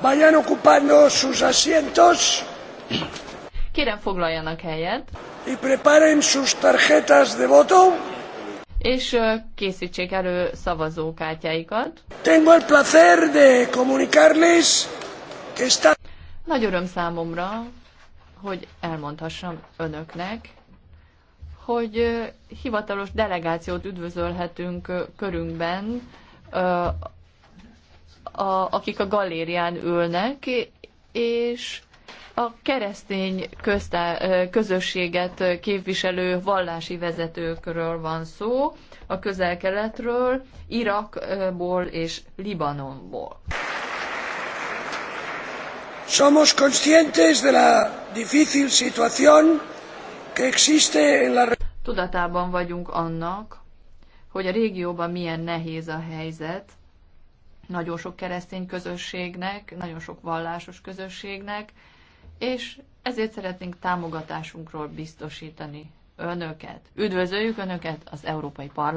Vayan ocupando sus asientos. Kérem foglaljanak helyet. Y preparen sus készítsék elő szavazókártyáikat. Tengo el placer de comunicarles que está... Nagy öröm számomra, hogy elmondhassam önöknek, hogy hivatalos delegációt üdvözölhetünk körünkben a, akik a galérián ülnek, és a keresztény köztá, közösséget képviselő vallási vezetőkről van szó, a közel-keletről, Irakból és Libanonból. Somos conscientes de la difícil situación que existe en la... Tudatában vagyunk annak, hogy a régióban milyen nehéz a helyzet, nagyon sok keresztény közösségnek, nagyon sok vallásos közösségnek, és ezért szeretnénk támogatásunkról biztosítani önöket. Üdvözöljük önöket az Európai Parlament.